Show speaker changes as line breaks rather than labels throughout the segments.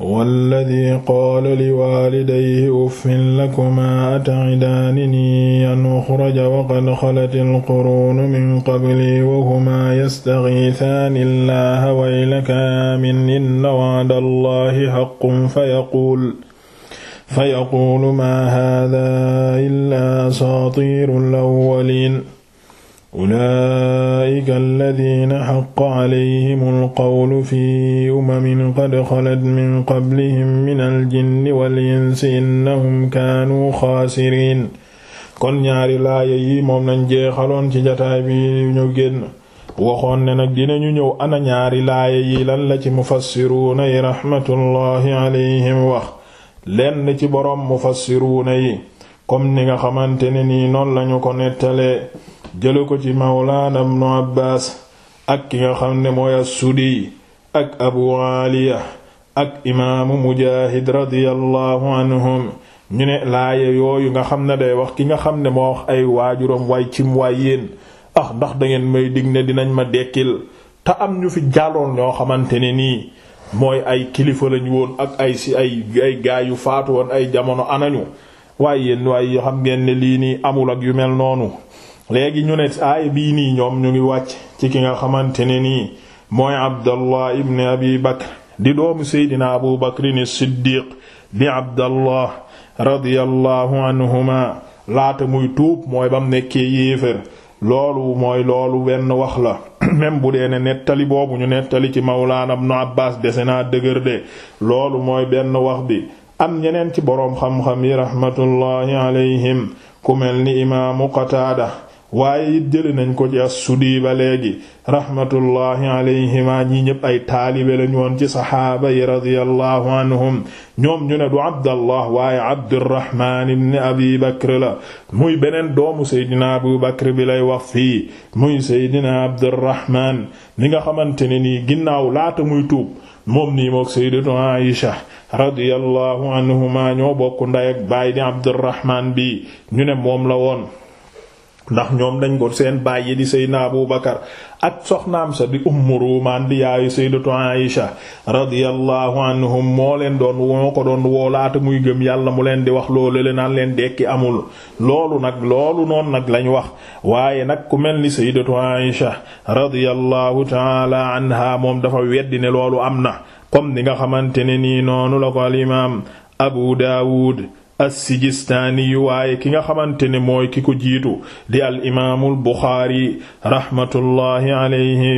walladi qaala liwaalidayhi uffin lakumaa ata'idaananii an uxraja waqad xalat alquruunu min qablii wahumaa yastagiisaani allaha waylaka aamin inna wa'da allahi haqqun fayaquul fayaquulu maa haadaa illaa asaatiirul awwaliin ulaa'ika alladiina haqqa alayhimul qawlu fii umamin qad xalat min qablihim minal jinni wal insi innahum kaanuu xaasiriin kon ñaari laaya yi moom lañ jeexaloon ci jataay bi ñu génn waxoon ne nag dinañu ñëw ana ñaari laaya yi lan la ci mufassiruuna yi raxmatullaahi alayhim wax lenn ci boroom mufassiruuna yi comme ni nga xamante ne nii noonu lañu ko nettalee jële ko ci mawlaana ibnu abbaas ak ki nga xam ne mooy assudi ak abu aliya ak imaamu mujaahid radiyallahu anhum ñu ne laaye yooyu nga xam ne day wax ki nga xam ne moo wax ay waajuram waay cim waay yéen ah ndax dangeen may dig ne dinañ ma dekkil te am ñu fi jàlloon ñoo xamante ne nii mooy ay kilifa lañu woon ak ay si ay ay yu faatu woon ay jamono anañu waaye yéen waaye xam ngeen ne lii nii amul ak yu mel noonu léegi ñu ne aaya bii nii ñoom ñu ngi wàcc ci ki nga xamante ni nii mooy abdallah ibn abi bakr di doomu seydina abu bakrin siddiq bi abdallah radiyallahu anhuma laata muy tuub mooy bam nekkee yéefér loolu mooy loolu benn wax la même bu dee ne nettali boobu ñu nettali ci mawlaana ibn abbas dese naa dëgër de loolu mooy benn wax bi am ñeneen ci boroom xam-xam yi rahmatullahi alayhim ku mel ni imaamu qataada waaye it jëli nañ ko ci as-Sudi ba léegi rahmatullahi alayhima ñi ñëpp ay taalibe lañ woon ci saxaaba yi radiyallahu anhum ñoom ñu ne du Abdallah waaye Abdurrahman ibn Abi Bakr la muy beneen doomu Seydina Abu Bakr bi lay wax fii muy Seydina Abdurrahman ni nga xamante ni nii ginnaaw laata muy tuub moom nii mook Sayyidatu Aisha radiyallahu anhuma ñoo bokk nday ak baay di Abdurrahman bi ñu ne moom la woon ndax ñoom dañ ko seen bàyyi di Seydina Abu Bakar ak soxnaam sa di Ummu Ruumaan di yaayu Sayyidatu Aïsha radiyallahu anhum moo leen doon moo ko doon woolaata muy gëm yàlla mu leen di wax loolu le naan leen dekki amul loolu nag loolu noonu nag lañ wax waaye nag ku mel ni Sayyidatu Aïsha radiyallahu taala anha moom dafa weddi ne loolu am na comme ni nga xamante ne nii noonu la ko al imaam Abu Daawud as-Sijistaani yu waaye ki nga xamante ne mooy ki ko jiitu di al imaamul Buxaari rahmatullahi alayhi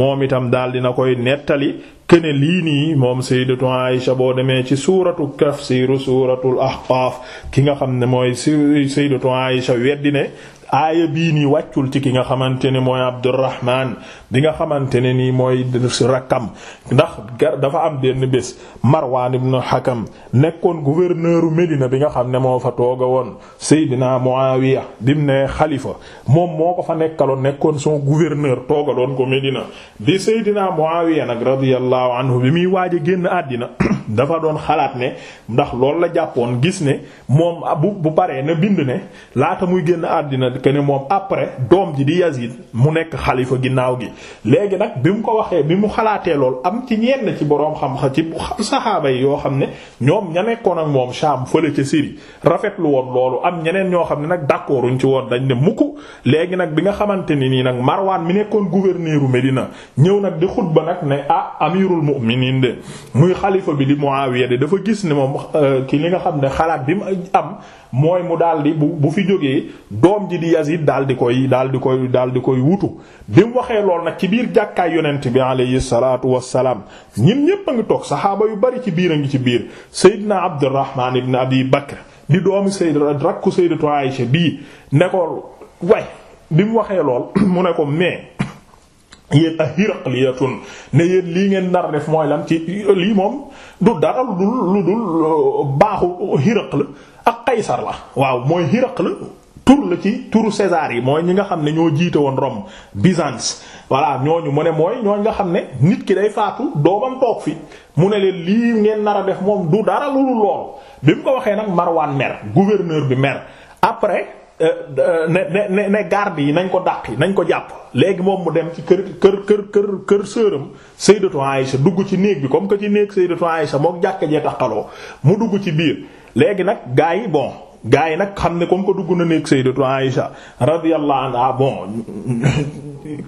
moom itam daal dina koy nettali kene lii nii moom sayyidatu Aisha boo demee ci suuratu tafsiiru suuratul Ahqaaf ki nga xam ne mooy sayyidatu Aisha weddi ne aaya bii nii wàccul ci ki nga xamante ne mooy Abdurrahman bi nga xamante ne nii mooy rakkam ndax gar dafa am benn bés bu ibn Hakam nekkoon gouverneur u Médina bi nga xam ne moo fa tooga woon Seydina Muawiya dim ne xalifa moom moo ko fa nekkaloon nekkoon son gouverneur toogaloon ko Médina bi Seydina Muawiya nag radiyallahu anhu bi muy waaj a génn àddina dafa doon xalaat ne ndax loolu la jàppoon gis ne moom bu bu paree na bind ne laata muy génn àddina que ne moom après doom ji di Yazid mu nekk xalifa ginnaaw gi léegi nag bi mu ko waxee bi mu xalaatee lool am ci ñenn ci boroom xam xa ci saxaaba yi yoo xam ne ñoom ña nekkoon ak moom Sham fële ca Syrie rafetlu woon loolu am ñeneen ñoo xam ne nag d'accord uñ ci woon dañ ne mukk léegi nag bi nga xamante ne nii nag Marwan mi nekkoon gouverneuru Médina ñëw nag di xutba nag ne ah amirul mu'minin de muy xalifa bi di Muawiya de dafa gis ne moom euh, ki li nga xam ne xalaat bi mu am Yazid daal di koy daal di koy daal di koy wutu bi mu waxee lool nag ci biir jàkkaay yonent bi alayhi salaatu wassalaam ñin ñépp a ngi toog saxaaba yu bari ci biir a ngi ci biir na Seydina Abdurrahman ibn Abi Bakr di doomi Seydina rakku Sayyidatu Aïsha bii ne ko way bi mu waxee lool mu ne ko mais yéen a hiraqliyatun ne yéen lii ngeen nar def mooy lan ci lii moom du dara lu dul lu dul euh, baaxu Hiraql la ak Qaysar la waaw mooy Hiraql la tur la ci turu César yi mooy ñi nga xam ne ñoo jiite woon Rome Byzance voilà ñooñu mu ne mooy ñooñ nga xam ne nit ki day faatu doomam toog fi mu ne leen lii ngeen nar a def moom du dara lu dul loolu bi mu ko waxee nag Marwan mer gouverneur bi mer après euh, euh, ne ne ne garde yi nañ ko yi nañ ko jàpp léegi moom mu dem ci kër kër kër kër kër sëram Sayyidatu Aïsha dugg ci néeg bi comme que ci néeg Sayyidatu Aïsha mook jàkk jee taxaloo mu dugg ci biir léegi nag gaa yi gaa yi nag xam ne comme ko dugg na néeg Sayyidatu Aïsha radiyallahu anha bon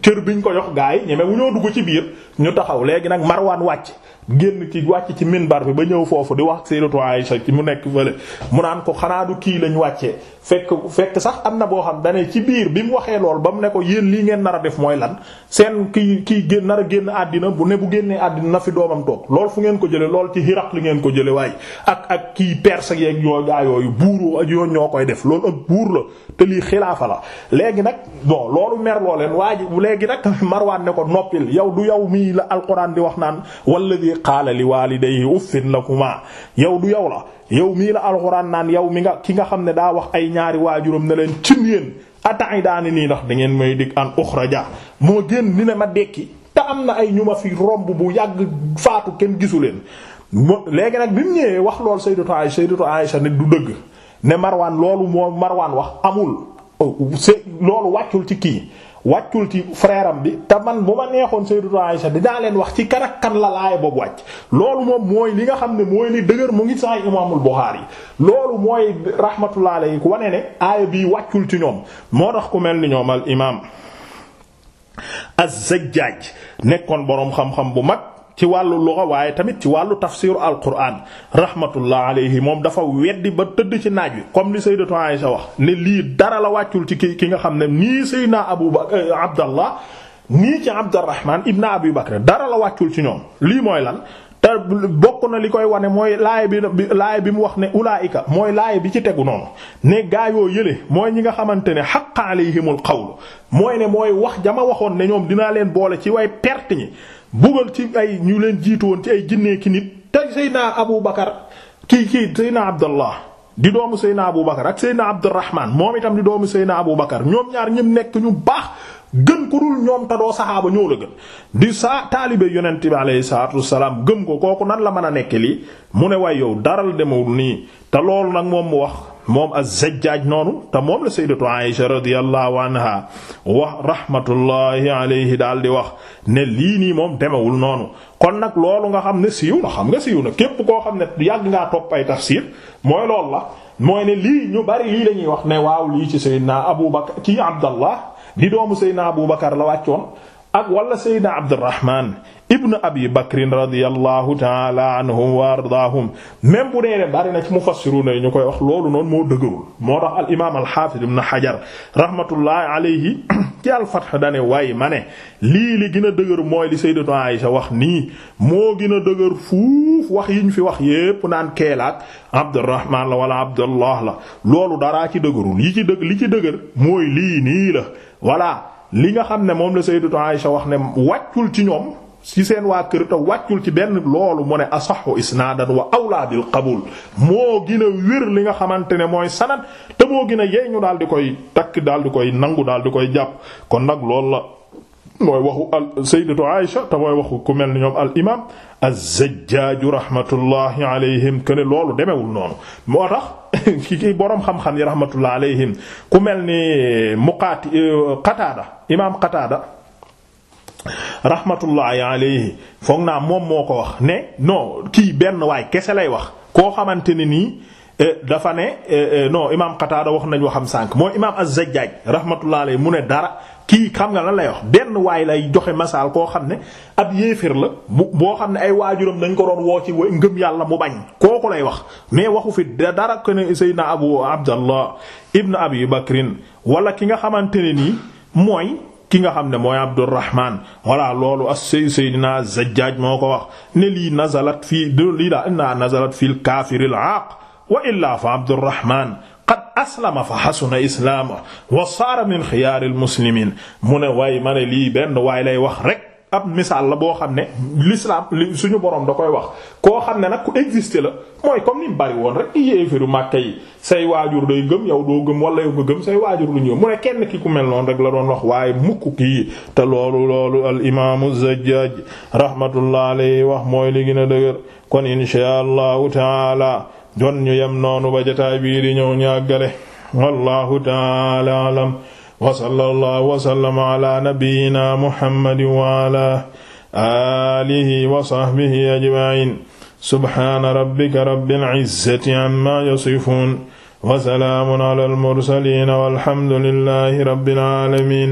cër biñ ko jox gaa yi ñeme wu ñoo dugg ci biir ñu taxaw léegi nag Marwaan wàcc génn ci wàcc ci minbar bi ba ñëw foofu di wax Sayyidatu Aisha ci mu nekk fële mu naan ko xanaa du kii lañ wàccee fekk fekk sax am na boo xam dane ci biir bi mu waxee lool ba mu ne ko yéen lii ngeen nar a def mooy lan seen kii kii génn nar génn àddina bu ne bu génnee àddina na fi doomam toog lool fu ngeen ko jële lool ci Hiraql li ngeen ko jële waaye ak ak kii perse yeeg ñoo gaa yooyu buur ak yoon ñoo koy def loolu ak buur la te lii xilaafa la léegi ji léegi nag Marwaan ne ko noppil yow du yow mii la alquran di wax naan walladhi qaala li waalidayhi uffin lakuma yow du yow la yow mii la alquran naan yow mi nga ki nga xam ne daa wax ay ñaari waajuram ne leen cin yéen ataay daani nii ndax da ngeen may dig an uxraja moo génn ni ne ma dekki te am na ay ñu ma fi romb bu yàgg faatu kenn gisu leen léegi nag bi mu ñëwee wax lool sayyidatu Aisha sayyidatu sa ne du dëgg ne Marwaan loolu moo Marwaan wax amul oh, c'est loolu wàccul ci kii wàccul ci frère bi te man bu ma neexoon Sayyidatu Aïsha dinaa leen wax ci kan kan la laay boobu wàcc loolu moom mooy li nga xam ne mooy li dëgër mu ngi sax Imaamul Buxaari loolu mooy rahmatullahi alayhi ku wane ne aaya bii wàccul ci ñoom moo tax ku mel ni ñoom al imaam az nekkoon boroom xam-xam bu mag. ci wàllu luga waaye tamit ci wàllu tafsiru alquran rahmatullah alayhi moom dafa weddi ba tëdd ci naaj wi comme li sayyidatu Aisha wax ne lii dara la wàccul ci ki ki nga xam ne nii sayyidina Abu eh, Abdallah nii ci Abdurrahman ibn Abi Bakr dara la wàccul ci ñoom lii mooy lan. te bokk na li koy wane mooy laay bi laay bi mu wax ne ulaayika mooy laay bi ci tegu noonu ne gaa yoo yële mooy ñi nga xamante ne xaqa alayhimul qawlu mooy ne mooy wax jama waxoon ne ñoom dinaa leen boole ci way perte ñi bugal ci ay ñu leen jiitu woon ci ay jinnee ki nit te naa Abu Bakar kii kii Seydina Abdallah di doomu Seydina Abu Bakar ak Seydina Abdurrahman moom itam di doomu naa Abu Bakar ñoom ñaar ñim nekk ñu baax gën ko dul ñoom ta doo saxaaba ñoo la gën di saa taalibe yonent bi alayhi salaatu wassalaam gëm ko kooku nan la mën a nekk lii mu ne waay yow daral demewul nii te loolu nag moom mu wax moom az-Zajjaaj noonu te moom la sayyidatu Aisha radiyallahu anha wax rahmatullahi alayhi daal di wax ne lii nii moom demewul noonu kon nag loolu nga xam ne siiw na xam nga siiw na képp koo xam ne yàgg ngaa topp ay tafsir mooy loolu la mooy ne lii ñu bari lii la ñuy wax ne waaw lii ci sayyidina Abu Bakar ci Abdallah di doomu sayyidina Abu Bakar la wàccoon ak wala Seydina Abdurrahman ibn Abi Bakrin radiyallahu taala anhum wa ardaahum même bu dee bari na ci mufassiruna yi ñu koy wax loolu noonu moo dëgërul moo tax al imaam al xaafid ibn Hajar rahmatullahi alayhi ci al Fath dane ma ne lii li gën a dëgër mooy li Sayyidatu Aisha wax nii moo gën a dëgër fuuf wax yi ñu fi wax yépp naan keelaat Abdurrahman la wala Abdullah la loolu dara ci dëgërul yi ci dëgg li ci dëgër mooy lii nii la voilà. li nga xam ne moom la sayyidatu Aisha wax ne wàccul ci ñoom ci seen waa kër te wàccul ci benn loolu mu ne asaxu isnaadan wa awlaa bil qabul moo gën a wér li nga xamante ne mooy sanad te moo gën a yeeñu daal di koy takk daal di koy nangu daal di koy jàpp kon nag loolu la. mooy waxu al sayyidatu Aïsha te mooy waxu ku mel ni ñoom al imaam az-Zajjaaj rahmatullahi alayhim que ne loolu demewul noonu moo tax ki boroom xam-xam yi rahmatullahi alayhim ku mel ni muqaati euh, Qataada imaam Qataada rahmatullahi alayhi foog naa moom moo ko wax ne no kii benn waay kese lay wax koo xamante ni nii. Euh, dafa ne euh, non imaam Qataada wax nañ waxam sànq mooy imaam az-Zajjaaj rahmatullahi alayhi mu ne dara. kii xam nga lan lay wax benn waay lay joxe masaal koo xam ne ab yéefér la bu boo xam ne ay waajuram dañ ko doon woo ci ngëm yàlla mu bañ kooku lay wax mais waxu fi dara ko ne Seydina Abu Abdallah ibn Abi Bakrin wala ki nga xamante ne nii mooy ki nga xam ne mooy Abdurrahman walla loolu as Seydina Zajjaj moo ko wax ne lii nazalat fii lii daa inna nazalat fil kaafiril aaq wa illaa fa Abdurrahman aslama fa xasuna islaama wa saara min xiyaaril muslimiin mu ne waaye ma ne lii benn waay lay wax rek ab misaal la boo xam ne l'islam li suñu borom da koy wax koo xam ne nag la mooy comme ni mu bari woon rek yéefiru Màkka yi say waajur day gëm yow doo gëm wala yow nga gëm say waajur lu ñëw mu ne kenn ki ku mel noon rek la doon wax waaye mukk ki te loolu loolu al imaamu Zajjaj rahmatullah alayhi wax mooy li gën a dëgër kon insha allahu taala doon ñu yem noonu ba jotaay bii di ñëw ñu àggale wallahu taala alam wa sallallahu wa sallama ala nabiyyina muhammadin wa ala alihi wa sahbihi ajma'in subhana rabbika rabbil izzati amma yasifun wa salaamun ala al mursalin walhamdulillahi rabbil alamin